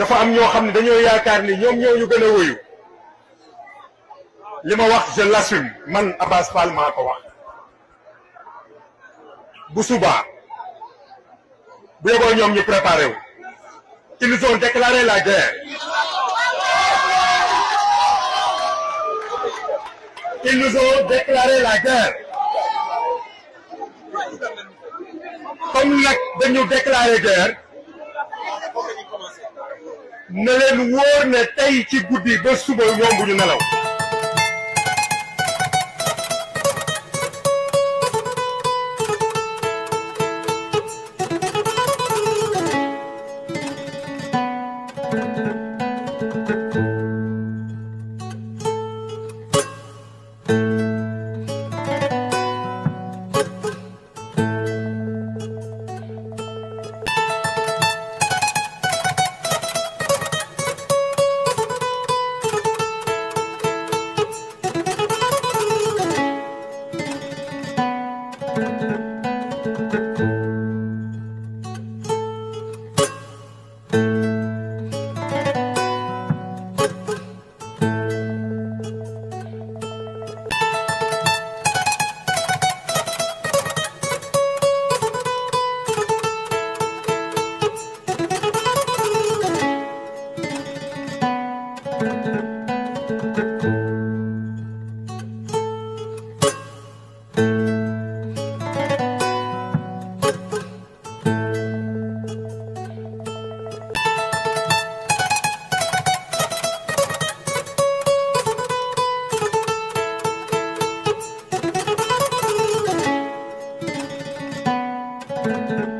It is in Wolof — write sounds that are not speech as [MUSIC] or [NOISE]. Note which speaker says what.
Speaker 1: dafa am ñoo xam ne dañoo yaakaar ni ñoom ñoo ñu gën a wuyu li ma wax je l'assume man Abass Fall maa ko wax bu subaa bu yeboo ñoom ñu préparé wu ils ont déclaré la guerre ils nous ont déclaré la guerre comme nag dañu déclaré guerre na leen wóor ne tey ci guddi ba suba ñoom bu ñu nelaw Thank [LAUGHS] you. thank [LAUGHS] you